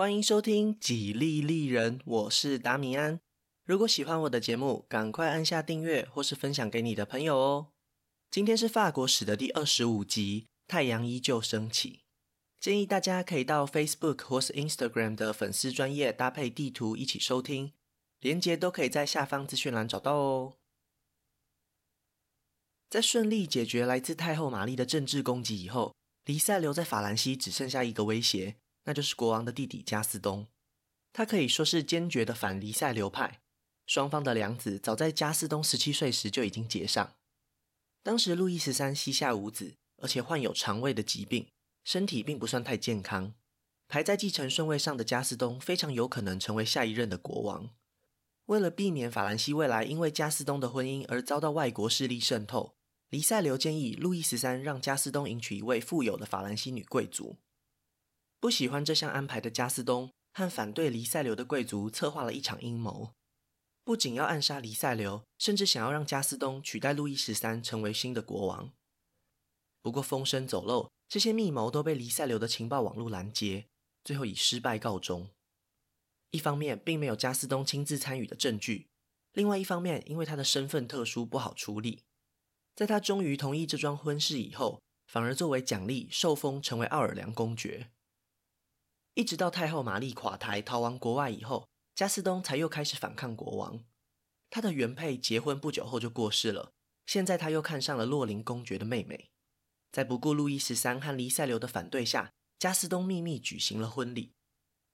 歡迎收聽《吉利利人》，我是達米安。如果喜歡我的節目，趕快按下訂閱或是分享給你的朋友哦。今天是法國史的第二十五集，《太陽依舊升起》。建議大家可以到 Facebook 或是 Instagram 的粉絲專頁搭配地圖一起收聽，連結都可以在下方資訊欄找到哦。在順利解決來自太后瑪麗的政治攻擊以後，黎塞留在法蘭西只剩下一個威脅。那就是國王的弟弟加斯東，他可以說是堅決的反黎塞留派。雙方的梁子早在加斯東十七歲時就已經結上。當時路易十三膝下無子，而且患有腸胃的疾病，身體並不算太健康。排在繼承順位上的加斯東非常有可能成為下一任的國王。為了避免法蘭西未來因為加斯東的婚姻而遭到外國勢力滲透，黎塞留建議路易十三讓加斯東迎娶一位富有的法蘭西女貴族。不喜歡這項安排的加斯東和反對黎塞留的貴族策劃了一場陰謀，不僅要暗殺黎塞留，甚至想要讓加斯東取代路易十三成為新的國王。不過風聲走漏，這些密謀都被黎塞留的情報網路攔截，最後以失敗告終。一方面，並沒有加斯東親自參與的證據；另外一方面，因為他的身份特殊，不好處理。在他終於同意這樁婚事以後，反而作為獎勵受封成為奧爾良公爵。一直到太后瑪麗垮台、逃亡國外以後，加斯東才又開始反抗國王。他的原配結婚不久後就過世了，現在他又看上了洛林公爵的妹妹。在不顧路易十三和黎塞留的反對下，加斯東秘密舉行了婚禮。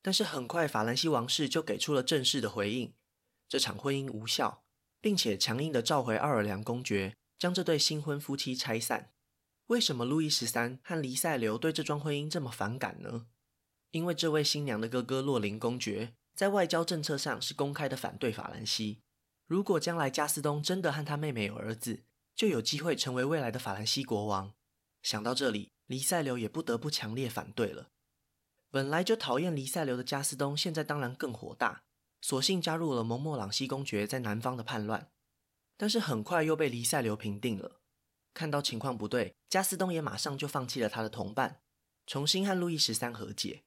但是很快，法蘭西王室就給出了正式的回應：這場婚姻無效，並且強硬地召回奧爾良公爵，將這對新婚夫妻拆散。為什麼路易十三和黎塞留對這樁婚姻這麼反感呢？因為這位新娘的哥哥洛林公爵在外交政策上是公開的反對法蘭西。如果將來加斯東真的和他妹妹有兒子，就有機會成為未來的法蘭西國王。想到這裡，黎塞留也不得不強烈反對了。本來就討厭黎塞留的加斯東，現在當然更火大，索性加入了蒙莫朗西公爵在南方的叛亂。但是很快又被黎塞留平定了。看到情況不對，加斯東也馬上就放棄了他的同伴，重新和路易十三和解。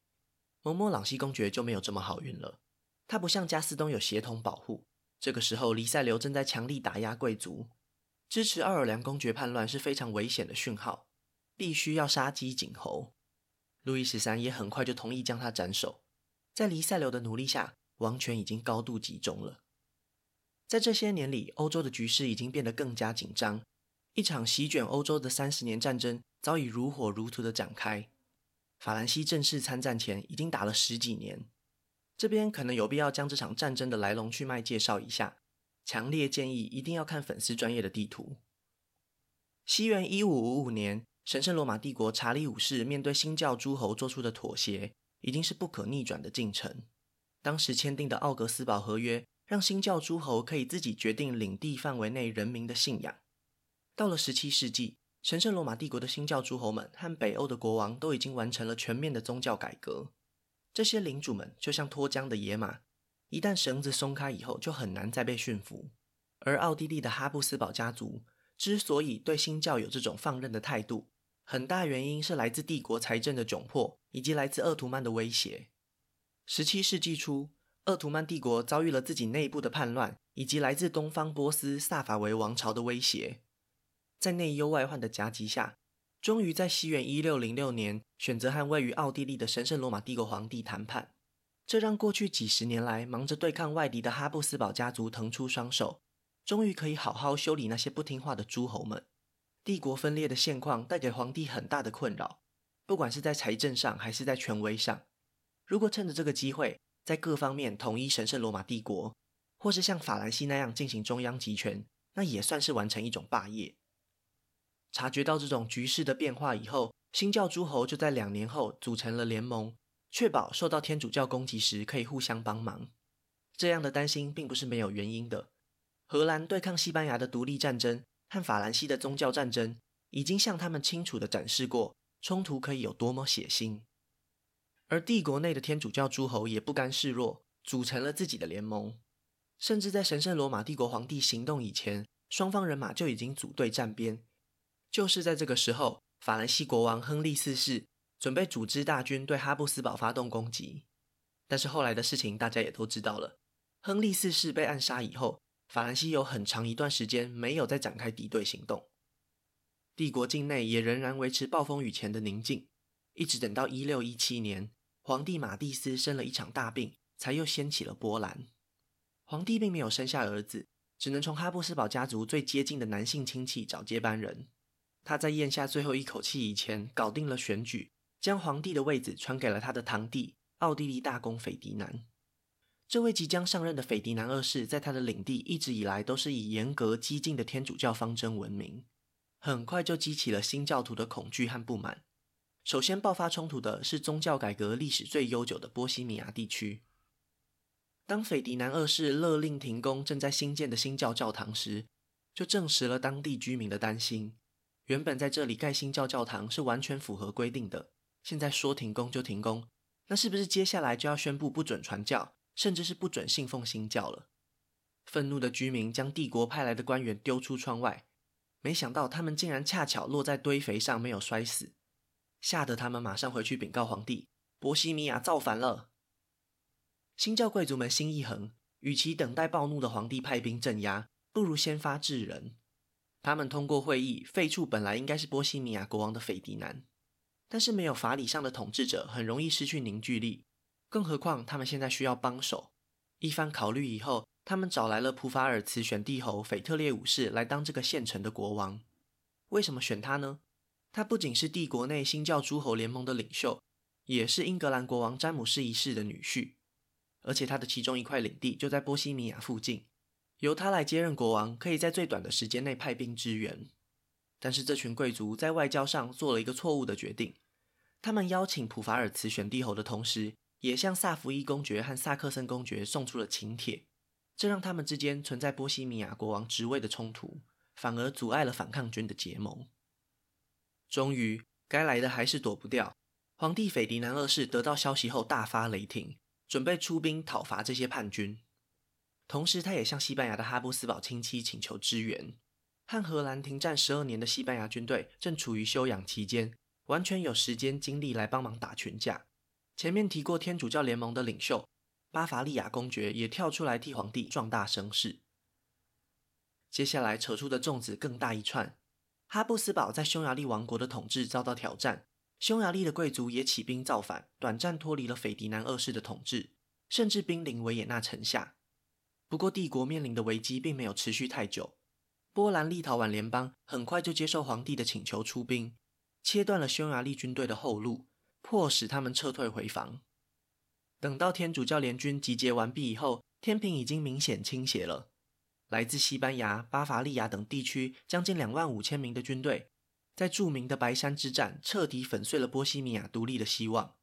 蒙莫朗西公爵就沒有這麼好運了。他不像加斯東有血統保護。這個時候，黎塞留正在強力打壓貴族，支持奧爾良公爵叛亂是非常危險的訊號，必須要殺雞儆猴。路易十三也很快就同意將他斬首。在黎塞留的努力下，王權已經高度集中了。在這些年裡，歐洲的局勢已經變得更加緊張。一場席捲歐洲的三十年戰爭早已如火如荼的展開。法蘭西正式參戰前已經打了十幾年，這邊可能有必要將這場戰爭的來龍去脈介紹一下。強烈建議一定要看粉絲專頁的地圖。西元一五五五年，神聖羅馬帝國查理五世面對新教諸侯做出的妥協，已經是不可逆轉的進程。當時簽訂的奧格斯堡和約，讓新教諸侯可以自己決定領地範圍內人民的信仰。到了十七世紀，神聖羅馬帝國的新教諸侯們和北歐的國王都已經完成了全面的宗教改革，這些領主們就像脫韁的野馬，一旦繩子鬆開以後，就很難再被馴服。而奧地利的哈布斯堡家族之所以對新教有這種放任的態度，很大原因是來自帝國財政的窘迫以及來自鄂圖曼的威脅。十七世紀初，鄂圖曼帝國遭遇了自己內部的叛亂，以及來自東方波斯薩法維王朝的威脅。在內憂外患的夾擊下，終於在西元一六零六年選擇和位於奧地利的神聖羅馬帝國皇帝談判，這讓過去幾十年來忙着對抗外敵的哈布斯堡家族騰出雙手，終於可以好好修理那些不聽話的諸侯們。帝國分裂的現況帶給皇帝很大的困擾，不管是在財政上還是在權威上。如果趁着這個機會，在各方面統一神聖羅馬帝國，或是像法蘭西那樣進行中央集權，那也算是完成一種霸業。察覺到這種局勢的變化以後，新教諸侯就在兩年後組成了聯盟，確保受到天主教攻擊時可以互相幫忙。這樣的擔心並不是沒有原因的。荷蘭對抗西班牙的獨立戰爭和法蘭西的宗教戰爭已經向他們清楚地展示過衝突可以有多麼血腥。而帝國內的天主教諸侯也不甘示弱，組成了自己的聯盟，甚至在神聖羅馬帝國皇帝行動以前，雙方人馬就已經組隊站邊。就是在這個時候，法蘭西國王亨利四世準備組織大軍對哈布斯堡發動攻擊。但是後來的事情大家也都知道了，亨利四世被暗殺以後，法蘭西有很長一段時間沒有再展開敵對行動，帝國境內也仍然維持暴風雨前的寧靜，一直等到一六一七年，皇帝馬蒂斯生了一場大病，才又掀起了波瀾。皇帝並沒有生下兒子，只能從哈布斯堡家族最接近的男性親戚找接班人。他在嚥下最後一口氣以前，搞定了選舉，將皇帝的位子傳給了他的堂弟奧地利大公斐迪南。這位即將上任的斐迪南二世，在他的領地一直以來都是以嚴格激進的天主教方針聞名，很快就激起了新教徒的恐懼和不滿。首先爆發衝突的是宗教改革歷史最悠久的波西米亞地區。當斐迪南二世勒令停工正在新建的新教教堂時，就證實了當地居民的擔心。原本在這裡蓋新教教堂是完全符合規定的，現在說停工就停工，那是不是接下來就要宣布不准傳教，甚至是不准信奉新教了？憤怒的居民將帝國派來的官員丟出窗外，沒想到他們竟然恰巧落在堆肥上，沒有摔死，嚇得他們馬上回去稟告皇帝：波西米亞造反了！新教貴族們心一橫，與其等待暴怒的皇帝派兵鎮壓，不如先發制人。他們通過會議廢黜本來應該是波西米亞國王的斐迪南，但是沒有法理上的統治者很容易失去凝聚力，更何況他們現在需要幫手。一番考慮以後，他們找來了普法爾茨選帝侯斐特烈五世來當這個現成的國王。為什麼選他呢？他不僅是帝國內新教諸侯聯盟的領袖，也是英格蘭國王詹姆斯一世的女婿，而且他的其中一塊領地就在波西米亞附近。由他來接任國王，可以在最短的時間內派兵支援。但是，這群貴族在外交上做了一個錯誤的決定：他們邀請普法爾茨選帝侯的同時，也向薩伏伊公爵和薩克森公爵送出了請帖，這讓他們之間存在波西米亞國王職位的衝突，反而阻礙了反抗軍的結盟。終於，該來的還是躲不掉。皇帝斐迪南二世得到消息後大發雷霆，準備出兵討伐這些叛軍。同時，他也向西班牙的哈布斯堡親戚請求支援。和荷蘭停戰十二年的西班牙軍隊正處於休養期間，完全有時間精力來幫忙打群架。前面提過，天主教聯盟的領袖巴伐利亞公爵也跳出來替皇帝壯大聲勢。接下來扯出的粽子更大一串：哈布斯堡在匈牙利王國的統治遭到挑戰，匈牙利的貴族也起兵造反，短暫脫離了斐迪南二世的統治，甚至兵臨維也納城下。不過，帝國面臨的危機並沒有持續太久。波蘭立陶宛聯邦很快就接受皇帝的請求出兵，切斷了匈牙利軍隊的後路，迫使他們撤退回防。等到天主教聯軍集結完畢以後，天平已經明顯傾斜了。來自西班牙、巴伐利亞等地區將近兩萬五千名的軍隊，在著名的白山之戰徹底粉碎了波西米亞獨立的希望。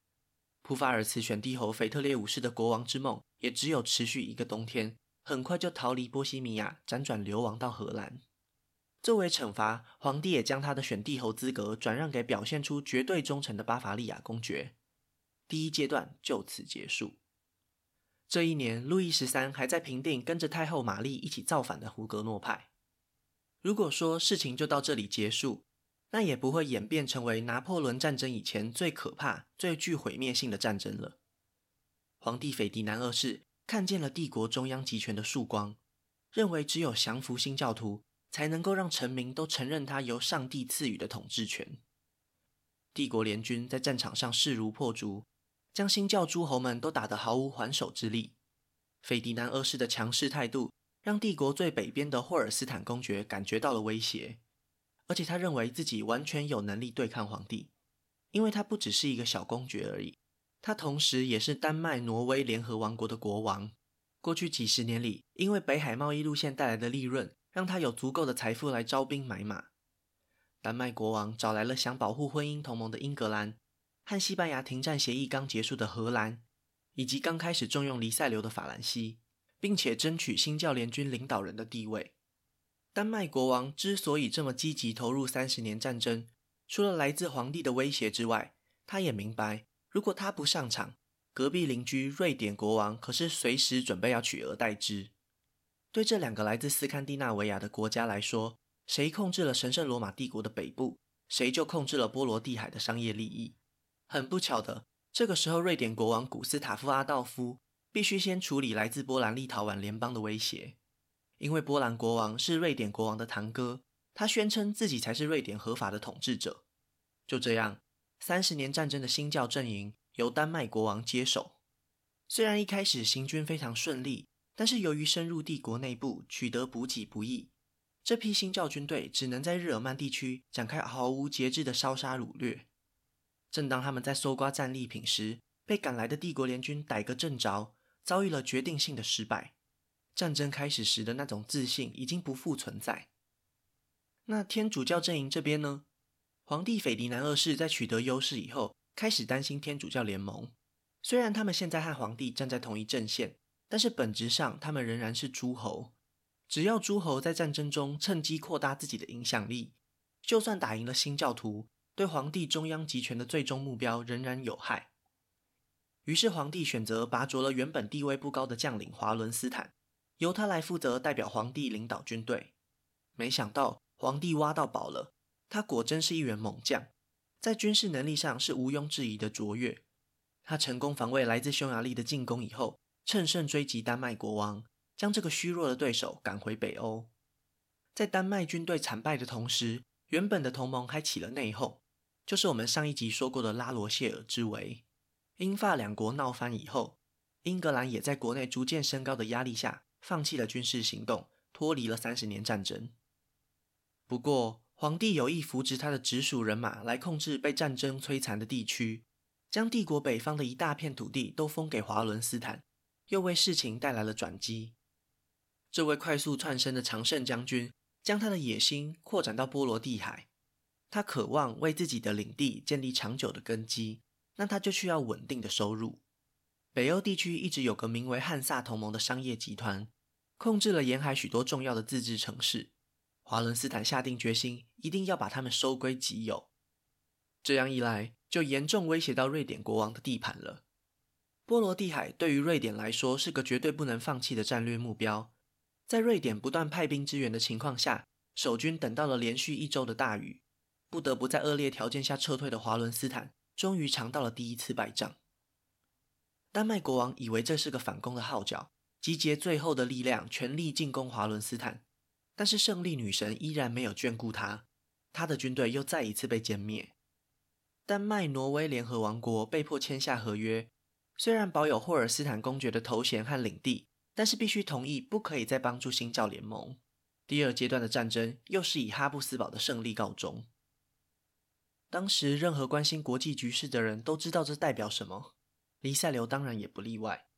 普法爾茨選帝侯腓特烈五世的國王之夢也只有持續一個冬天。很快就逃離波西米亞，輾轉流亡到荷蘭。作為懲罰，皇帝也將他的選帝侯資格轉讓給表現出絕對忠誠的巴伐利亞公爵。第一階段就此結束。這一年，路易十三還在平定跟着太后瑪麗一起造反的胡格諾派。如果說事情就到這裡結束，那也不會演變成為拿破崙戰爭以前最可怕、最具毀滅性的戰爭了。皇帝斐迪南二世，看見了帝國中央集權的曙光，認為只有降服新教徒，才能夠讓臣民都承認他由上帝賜予的統治權。帝國聯軍在戰場上勢如破竹，將新教諸侯們都打得毫無還手之力。斐迪南二世的強勢態度，讓帝國最北邊的霍爾斯坦公爵感覺到了威脅，而且他認為自己完全有能力對抗皇帝，因為他不只是一個小公爵而已。他同時也是丹麥、挪威聯合王國的國王。過去幾十年裡，因為北海貿易路線帶來的利潤，讓他有足夠的財富來招兵買馬。丹麥國王找來了想保護婚姻同盟的英格蘭，和西班牙停戰協議剛結束的荷蘭，以及剛開始重用黎塞留的法蘭西，並且爭取新教聯軍領導人的地位。丹麥國王之所以這麼積極投入三十年戰爭，除了來自皇帝的威脅之外，他也明白。如果他不上場，隔壁鄰居瑞典國王可是隨時準備要取而代之。對這兩個來自斯堪的納維亞的國家來說，誰控制了神聖羅馬帝國的北部，誰就控制了波羅的海的商業利益。很不巧的，這個時候瑞典國王古斯塔夫阿道夫必須先處理來自波蘭立陶宛聯邦的威脅，因為波蘭國王是瑞典國王的堂哥，他宣稱自己才是瑞典合法的統治者。就這樣。三十年戰爭的新教陣營由丹麥國王接手，雖然一開始行軍非常順利，但是由於深入帝國內部，取得補給不易，這批新教軍隊只能在日耳曼地區展開毫無節制的燒殺擄掠。正當他們在搜刮戰利品時，被趕來的帝國聯軍逮個正着，遭遇了決定性的失敗。戰爭開始時的那種自信已經不復存在。那天主教陣營這邊呢？皇帝斐迪南二世在取得優勢以後，開始擔心天主教聯盟。雖然他們現在和皇帝站在同一陣線，但是本質上他們仍然是諸侯。只要諸侯在戰爭中趁機擴大自己的影響力，就算打贏了新教徒，對皇帝中央集權的最終目標仍然有害。於是皇帝選擇拔擢了原本地位不高的將領華倫斯坦，由他來負責代表皇帝領導軍隊。沒想到皇帝挖到寶了。他果真是一員猛將，在軍事能力上是毋庸置疑的卓越。他成功防衛來自匈牙利的進攻以後，乘勝追擊丹麥國王，將這個虛弱的對手趕回北歐。在丹麥軍隊慘敗的同時，原本的同盟還起了內訌，就是我們上一集說過的拉羅謝爾之圍。英法兩國鬧翻以後，英格蘭也在國內逐漸升高的壓力下，放棄了軍事行動，脫離了三十年戰爭。不過，皇帝有意扶植他的直屬人馬來控制被戰爭摧殘的地區，將帝國北方的一大片土地都封給華倫斯坦，又為事情帶來了轉機。這位快速竄升的常勝將軍將他的野心擴展到波羅的海，他渴望為自己的領地建立長久的根基，那他就需要穩定的收入。北歐地區一直有個名為漢薩同盟的商業集團，控制了沿海許多重要的自治城市。華倫斯坦下定決心，一定要把他們收歸己有。這樣一來，就嚴重威脅到瑞典國王的地盤了。波羅的海對於瑞典來說是個絕對不能放棄的戰略目標。在瑞典不斷派兵支援的情況下，守軍等到了連續一周的大雨，不得不在惡劣條件下撤退的華倫斯坦，終於嘗到了第一次敗仗。丹麥國王以為這是個反攻的號角，集結最後的力量，全力進攻華倫斯坦。但是勝利女神依然沒有眷顧他，他的軍隊又再一次被殲滅。丹麥、挪威聯合王國被迫簽下合約，雖然保有霍爾斯坦公爵的頭銜和領地，但是必須同意不可以再幫助新教聯盟。第二階段的戰爭又是以哈布斯堡的勝利告終。當時任何關心國際局勢的人都知道這代表什麼，黎塞留當然也不例外。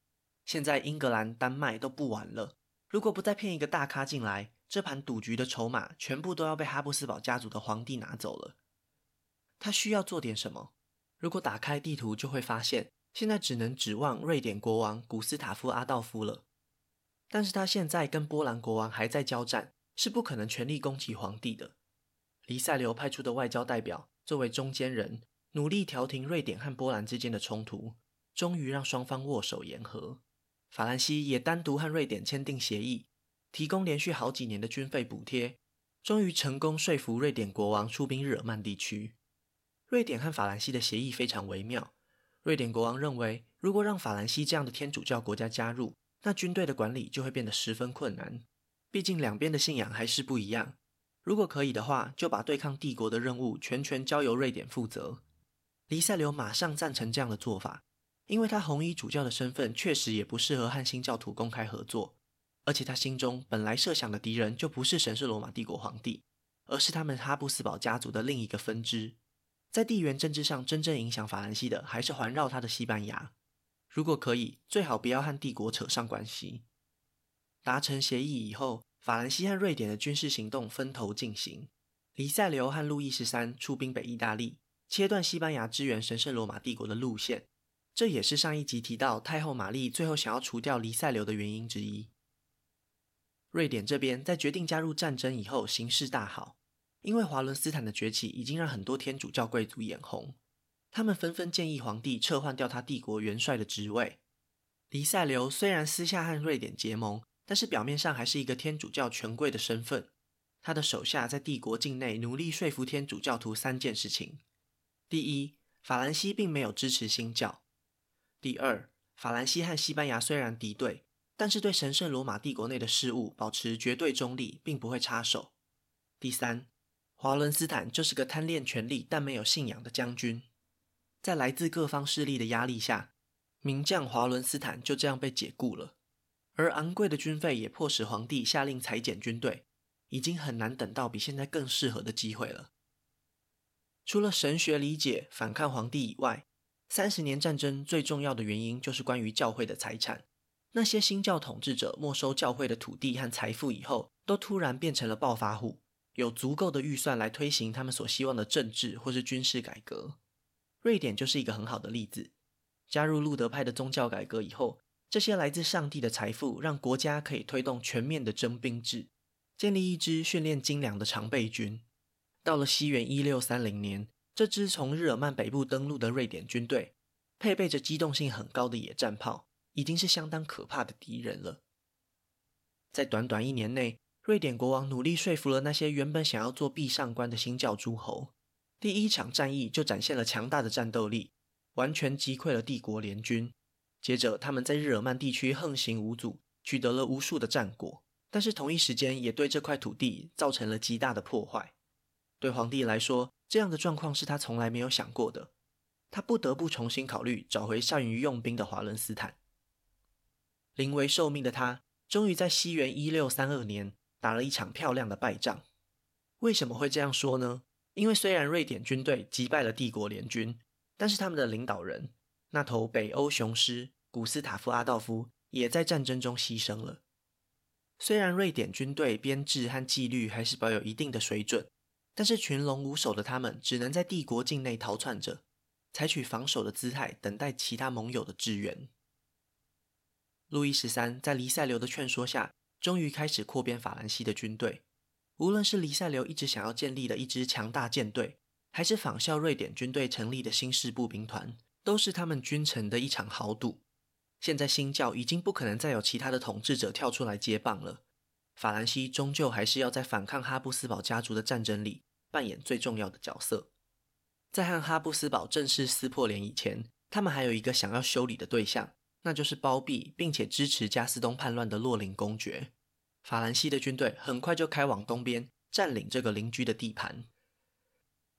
現在英格蘭、丹麥都不玩了，如果不再騙一個大咖進來。這盤賭局的籌碼全部都要被哈布斯堡家族的皇帝拿走了。他需要做點什麼？如果打開地圖，就會發現，現在只能指望瑞典國王古斯塔夫阿道夫了。但是他現在跟波蘭國王還在交戰，是不可能全力攻擊皇帝的。黎塞留派出的外交代表作為中間人，努力調停瑞典和波蘭之間的衝突，終於讓雙方握手言和。法蘭西也單獨和瑞典簽訂協議。提供連續好幾年的軍費補貼，終於成功說服瑞典國王出兵日耳曼地區。瑞典和法蘭西的協議非常微妙。瑞典國王認為，如果讓法蘭西這樣的天主教國家加入，那軍隊的管理就會變得十分困難。畢竟兩邊的信仰還是不一樣。如果可以的話，就把對抗帝國的任務全權交由瑞典負責。黎塞留馬上贊成這樣的做法，因為他紅衣主教的身份確實也不適合和新教徒公開合作。而且他心中本來設想的敵人就不是神聖羅馬帝國皇帝，而是他們哈布斯堡家族的另一個分支。在地緣政治上，真正影響法蘭西的還是環繞他的西班牙。如果可以，最好不要和帝國扯上關係。達成協議以後，法蘭西和瑞典的軍事行動分頭進行。黎塞留和路易十三出兵北意大利，切斷西班牙支援神聖羅馬帝國的路線。這也是上一集提到太后瑪麗最後想要除掉黎塞留的原因之一。瑞典這邊在決定加入戰爭以後，形勢大好，因為華倫斯坦的崛起已經讓很多天主教貴族眼紅，他們紛紛建議皇帝撤換掉他帝國元帥的職位。黎塞留雖然私下和瑞典結盟，但是表面上還是一個天主教權貴的身份。他的手下在帝國境內努力說服天主教徒三件事情：第一，法蘭西並沒有支持新教；第二，法蘭西和西班牙雖然敵對。但是對神聖羅馬帝國內的事務保持絕對中立，並不會插手。第三，華倫斯坦就是個貪戀權力但沒有信仰的將軍。在來自各方勢力的壓力下，名將華倫斯坦就這樣被解雇了。而昂貴的軍費也迫使皇帝下令裁減軍隊，已經很難等到比現在更適合的機會了。除了神學理解反抗皇帝以外，三十年戰爭最重要的原因就是關於教會的財產。那些新教統治者沒收教會的土地和財富以後，都突然變成了暴發戶，有足夠的預算來推行他們所希望的政治或是軍事改革。瑞典就是一個很好的例子。加入路德派的宗教改革以後，這些來自上帝的財富讓國家可以推動全面的徵兵制，建立一支訓練精良的常備軍。到了西元一六三零年，這支從日耳曼北部登陸的瑞典軍隊，配備着機動性很高的野戰炮。已經是相當可怕的敵人了。在短短一年內，瑞典國王努力說服了那些原本想要作壁上觀的新教諸侯。第一場戰役就展現了強大的戰鬥力，完全擊潰了帝國聯軍。接着，他們在日耳曼地區橫行無阻，取得了無數的戰果。但是，同一時間也對這塊土地造成了極大的破壞。對皇帝來說，這樣的狀況是他從來沒有想過的。他不得不重新考慮找回善於用兵的華倫斯坦。臨危受命的他，終於在西元一六三二年打了一場漂亮的敗仗。為什麼會這樣說呢？因為雖然瑞典軍隊擊敗了帝國聯軍，但是他們的領導人那頭北歐雄獅古斯塔夫阿道夫也在戰爭中犧牲了。雖然瑞典軍隊編制和紀律還是保有一定的水準，但是群龍無首的他們只能在帝國境內逃竄着，採取防守的姿態，等待其他盟友的支援。路易十三在黎塞留的勸說下，終於開始擴編法蘭西的軍隊。無論是黎塞留一直想要建立的一支強大艦隊，還是仿效瑞典軍隊成立的新式步兵團，都是他們君臣的一場豪賭。現在新教已經不可能再有其他的統治者跳出來接棒了，法蘭西終究還是要在反抗哈布斯堡家族的戰爭裡扮演最重要的角色。在和哈布斯堡正式撕破臉以前，他們還有一個想要修理的對象。那就是包庇並且支持加斯東叛亂的洛林公爵。法蘭西的軍隊很快就開往東邊，占領這個鄰居的地盤。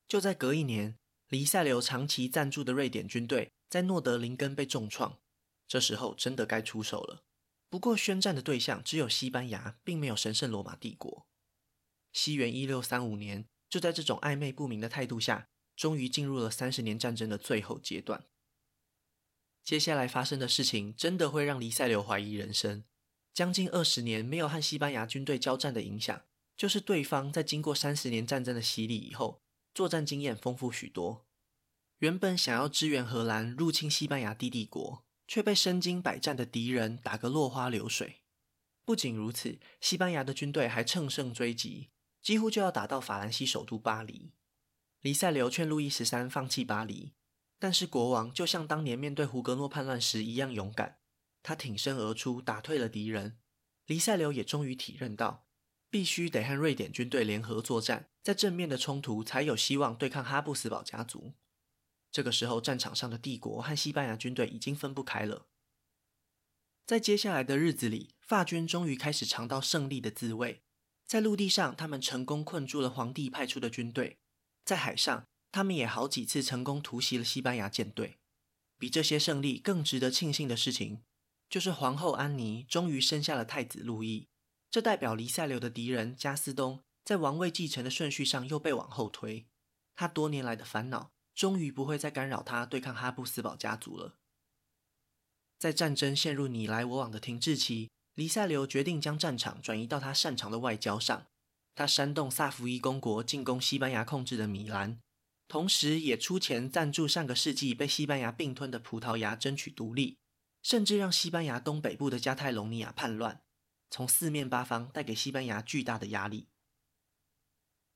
就在隔一年，黎塞留長期贊助的瑞典軍隊在諾德林根被重創。這時候真的該出手了。不過宣戰的對象只有西班牙，並沒有神聖羅馬帝國。西元一六三五年，就在這種曖昧不明的態度下，終於進入了三十年戰爭的最後階段。接下來發生的事情真的會讓黎塞留懷疑人生。將近二十年沒有和西班牙軍隊交戰的影響，就是對方在經過三十年戰爭的洗禮以後，作戰經驗豐富許多。原本想要支援荷蘭入侵西班牙帝國，卻被身經百戰的敵人打個落花流水。不僅如此，西班牙的軍隊還乘勝追擊，幾乎就要打到法蘭西首都巴黎。黎塞留勸路易十三放棄巴黎。但是國王就像當年面對胡格諾叛亂時一樣勇敢，他挺身而出，打退了敵人。黎塞留也終於體認到，必須得和瑞典軍隊聯合作戰，在正面的衝突才有希望對抗哈布斯堡家族。這個時候，戰場上的帝國和西班牙軍隊已經分不開了。在接下來的日子裡，法軍終於開始嘗到勝利的滋味。在陸地上，他們成功困住了皇帝派出的軍隊；在海上，他們也好幾次成功突襲了西班牙艦隊。比這些勝利更值得慶幸的事情，就是皇后安妮終於生下了太子路易。這代表黎塞留的敵人加斯東在王位繼承的順序上又被往後推。他多年來的煩惱終於不會再干擾他對抗哈布斯堡家族了。在戰爭陷入你來我往的停滯期，黎塞留決定將戰場轉移到他擅長的外交上。他煽動薩伏伊公國進攻西班牙控制的米蘭。同時，也出錢贊助上個世紀被西班牙併吞的葡萄牙爭取獨立，甚至讓西班牙東北部的加泰隆尼亞叛亂，從四面八方帶給西班牙巨大的壓力。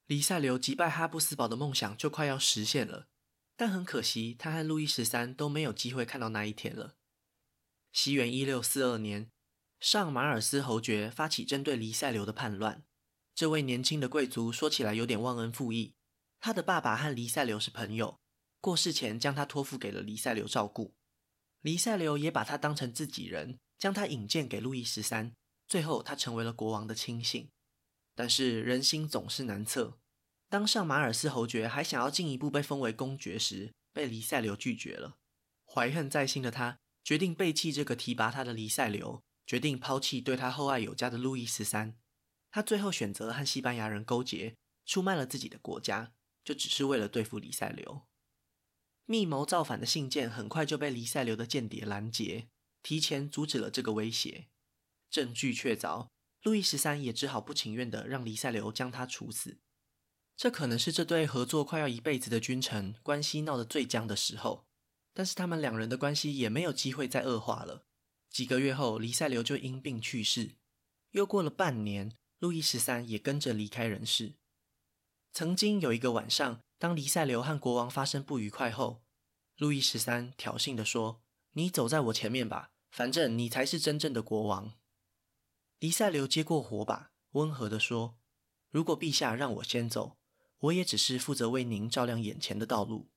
黎塞留擊敗哈布斯堡的夢想就快要實現了，但很可惜，他和路易十三都沒有機會看到那一天了。西元一六四二年，上馬爾斯侯爵發起針對黎塞留的叛亂，這位年輕的貴族說起來有點忘恩負義。他的爸爸和黎塞留是朋友，過世前將他託付給了黎塞留照顧。黎塞留也把他當成自己人，將他引薦給路易十三，最後他成為了國王的親信。但是人心總是難測，當上馬爾斯侯爵還想要進一步被封為公爵時，被黎塞留拒絕了。懷恨在心的他決定背棄這個提拔他的黎塞留，決定拋棄對他厚愛有加的路易十三。他最後選擇和西班牙人勾結，出賣了自己的國家。就只是為了對付黎塞留，密謀造反的信件很快就被黎塞留的間諜攔截，提前阻止了這個威脅。證據確鑿，路易十三也只好不情願地讓黎塞留將他處死。這可能是這對合作快要一輩子的君臣關係鬧得最僵的時候，但是他們兩人的關係也沒有機會再惡化了。幾個月後，黎塞留就因病去世，又過了半年，路易十三也跟着離開人世。曾經有一個晚上，當黎塞留和國王發生不愉快後，路易十三挑釁地說：“你走在我前面吧，反正你才是真正的國王。”黎塞留接過火把，溫和地說：“如果陛下讓我先走，我也只是負責為您照亮眼前的道路。”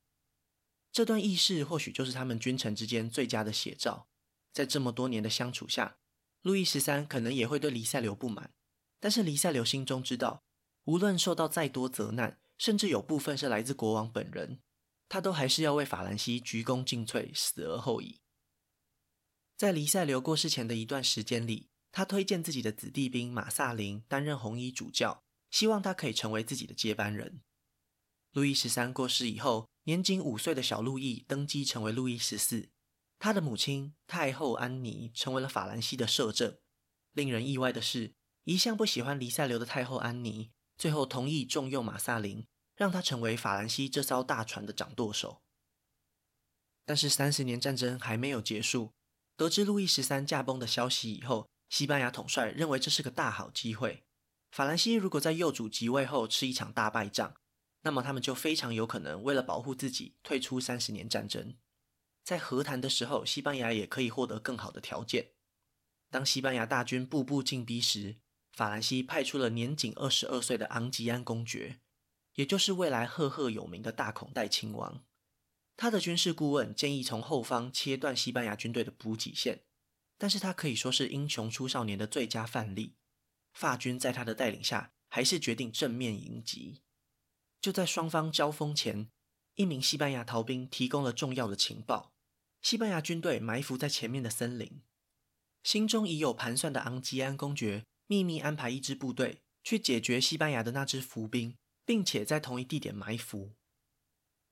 這段軼事或許就是他們君臣之間最佳的寫照。在這麼多年的相處下，路易十三可能也會對黎塞留不滿，但是黎塞留心中知道。無論受到再多責難，甚至有部分是來自國王本人，他都還是要為法蘭西鞠躬盡瘁，死而後已。在黎塞留過世前的一段時間裡，他推薦自己的子弟兵馬薩林擔任紅衣主教，希望他可以成為自己的接班人。路易十三過世以後，年僅五歲的小路易登基成為路易十四，他的母親太后安妮成為了法蘭西的攝政。令人意外的是，一向不喜歡黎塞留的太后安妮，最後同意重用馬薩林，讓他成為法蘭西這艘大船的掌舵手。但是三十年戰爭還沒有結束，得知路易十三駕崩的消息以後，西班牙統帥認為這是個大好機會。法蘭西如果在幼主即位後吃一場大敗仗，那麼他們就非常有可能為了保護自己退出三十年戰爭。在和談的時候，西班牙也可以獲得更好的條件。當西班牙大軍步步進逼時，法蘭西派出了年僅二十二歲的昂吉安公爵，也就是未來赫赫有名的大孔代親王。他的軍事顧問建議從後方切斷西班牙軍隊的補給線，但是他可以說是英雄出少年的最佳範例。法軍在他的帶領下，還是決定正面迎擊。就在雙方交鋒前，一名西班牙逃兵提供了重要的情報：西班牙軍隊埋伏在前面的森林。心中已有盤算的昂吉安公爵，祕密安排一支部隊去解決西班牙的那支伏兵，並且在同一地點埋伏。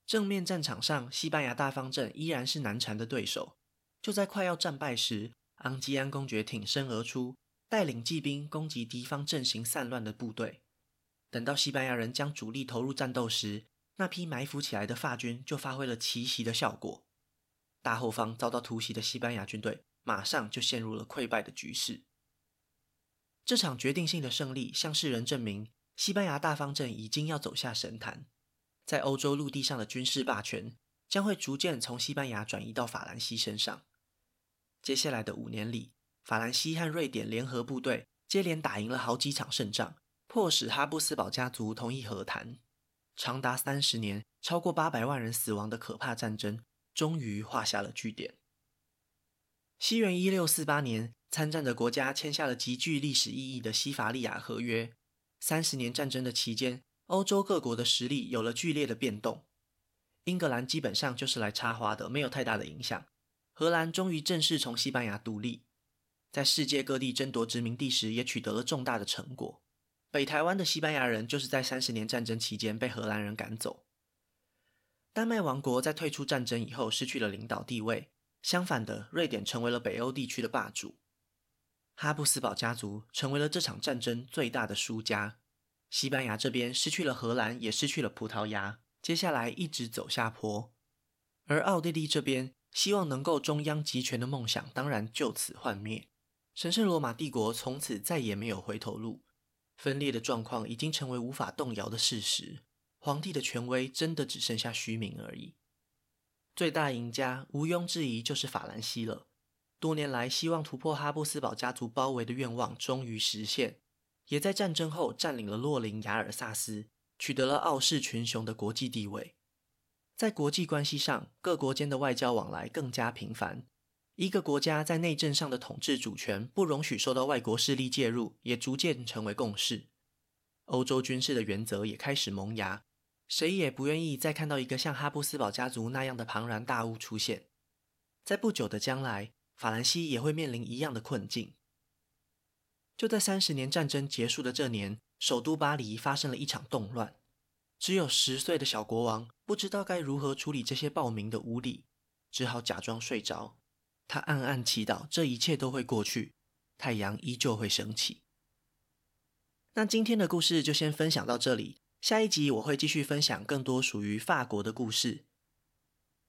正面戰場上，西班牙大方陣依然是難纏的對手。就在快要戰敗時，昂吉安公爵挺身而出，帶領騎兵攻擊敵方陣型散亂的部隊。等到西班牙人將主力投入戰鬥時，那批埋伏起來的法軍就發揮了奇襲的效果。大後方遭到突襲的西班牙軍隊馬上就陷入了潰敗的局勢。這場決定性的勝利向世人證明，西班牙大方陣已經要走下神壇，在歐洲陸地上的軍事霸權將會逐漸從西班牙轉移到法蘭西身上。接下來的五年裡，法蘭西和瑞典聯合部隊接連打贏了好幾場勝仗，迫使哈布斯堡家族同意和談。長達三十年、超過八百萬人死亡的可怕戰爭終於畫下了句點。西元一六四八年。參戰的國家簽下了極具歷史意義的西伐利亞和約。三十年戰爭的期間，歐洲各國的實力有了劇烈的變動。英格蘭基本上就是來插花的，沒有太大的影響。荷蘭終於正式從西班牙獨立，在世界各地爭奪殖民地時也取得了重大的成果。北台灣的西班牙人就是在三十年戰爭期間被荷蘭人趕走。丹麥王國在退出戰爭以後失去了領導地位，相反的，瑞典成為了北歐地區的霸主。哈布斯堡家族成為了這場戰爭最大的輸家，西班牙這邊失去了荷蘭，也失去了葡萄牙，接下來一直走下坡。而奧地利這邊希望能夠中央集權的夢想，當然就此幻滅。神聖羅馬帝國從此再也沒有回頭路，分裂的狀況已經成為無法動搖的事實，皇帝的權威真的只剩下虛名而已。最大贏家毋庸置疑就是法蘭西了。多年來，希望突破哈布斯堡家族包圍的願望終於實現，也在戰爭後占領了洛林、雅爾薩斯，取得了傲視群雄的國際地位。在國際關係上，各國間的外交往來更加頻繁。一個國家在內政上的統治主權不容許受到外國勢力介入，也逐漸成為共識。歐洲均勢的原則也開始萌芽，誰也不願意再看到一個像哈布斯堡家族那樣的龐然大物出現。在不久的將來。法蘭西也會面臨一樣的困境。就在三十年戰爭結束的這年，首都巴黎發生了一場動亂。只有十歲的小國王不知道該如何處理這些暴民的無理，只好假裝睡着。他暗暗祈禱這一切都會過去，太陽依舊會升起。那今天的故事就先分享到這裡，下一集我會繼續分享更多屬於法國的故事。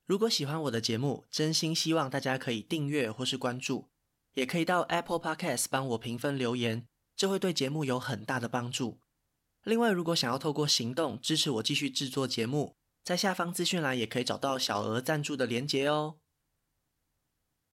如果喜歡我的節目，真心希望大家可以訂閱或是關注，也可以到 Apple Podcast 幫我評分留言，這會對節目有很大的幫助。另外，如果想要透過行動支持我繼續製作節目，在下方資訊欄也可以找到小額贊助的連結哦。